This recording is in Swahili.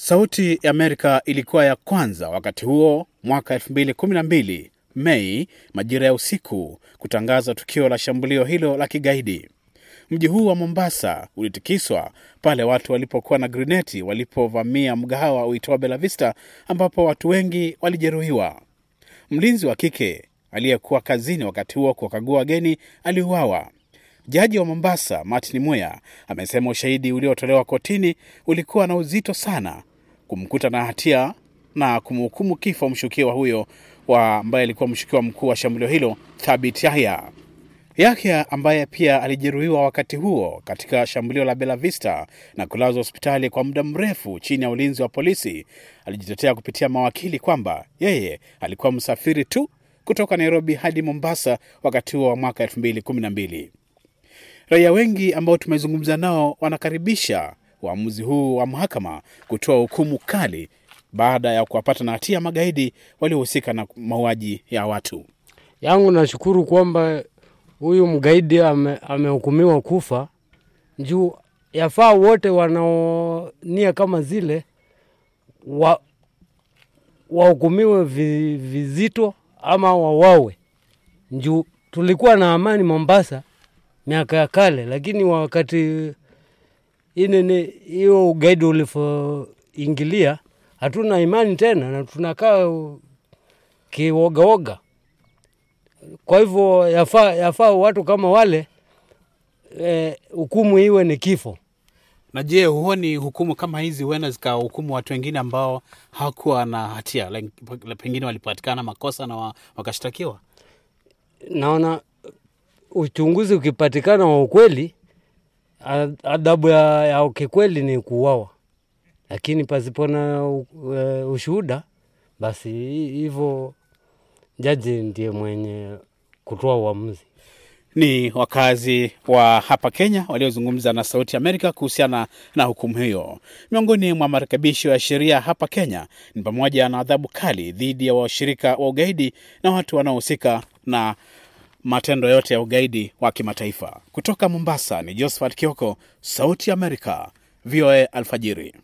Sauti ya Amerika ilikuwa ya kwanza wakati huo mwaka 212 Mei majira ya usiku kutangaza tukio la shambulio hilo la kigaidi. Mji huu wa Mombasa ulitikiswa pale watu walipokuwa na grineti walipovamia mgahawa uitoa Bela Vista, ambapo watu wengi walijeruhiwa. Mlinzi wa kike aliyekuwa kazini wakati huo kuwakagua wageni aliuawa. Jaji wa Mombasa Martin Muya amesema ushahidi uliotolewa kotini ulikuwa na uzito sana kumkuta na hatia na kumhukumu kifo mshukiwa huyo wa ambaye alikuwa mshukiwa mkuu wa shambulio hilo Thabit Yahya. Yahya ambaye pia alijeruhiwa wakati huo katika shambulio la Bella Vista na kulazwa hospitali kwa muda mrefu chini ya ulinzi wa polisi, alijitetea kupitia mawakili kwamba yeye alikuwa msafiri tu kutoka Nairobi hadi Mombasa wakati huo wa mwaka 2012. Raia wengi ambao tumezungumza nao wanakaribisha uamuzi huu wa mahakama kutoa hukumu kali baada ya kuwapata na hatia magaidi waliohusika na mauaji ya watu. Yangu nashukuru kwamba huyu mgaidi amehukumiwa ame kufa juu yafaa wote wanaonia kama zile wa, wahukumiwe vizito ama wawawe juu tulikuwa na amani Mombasa miaka ya kale, lakini wakati inini hiyo ugaidi ulivyoingilia, hatuna imani tena na tunakaa kiwogawoga. Kwa hivyo yafaa yafa watu kama wale eh, hukumu e, iwe ni kifo. Na je, huoni hukumu kama hizi huenda zikahukumu watu wengine ambao hawakuwa na hatia, pengine walipatikana makosa na wakashtakiwa? Naona uchunguzi ukipatikana wa ukweli adhabu ya, ya kikweli ni kuuawa, lakini pazipona uh, e, ushuhuda, basi hivyo jaji ndiye mwenye kutoa uamuzi. Ni wakazi wa hapa Kenya waliozungumza na Sauti Amerika kuhusiana na hukumu hiyo. Miongoni mwa marekebisho ya sheria hapa Kenya ni pamoja na adhabu kali dhidi ya washirika wa ugaidi na watu wanaohusika na matendo yote ya ugaidi wa kimataifa. Kutoka Mombasa ni Josephat Kioko, Sauti america Amerika, VOA Alfajiri.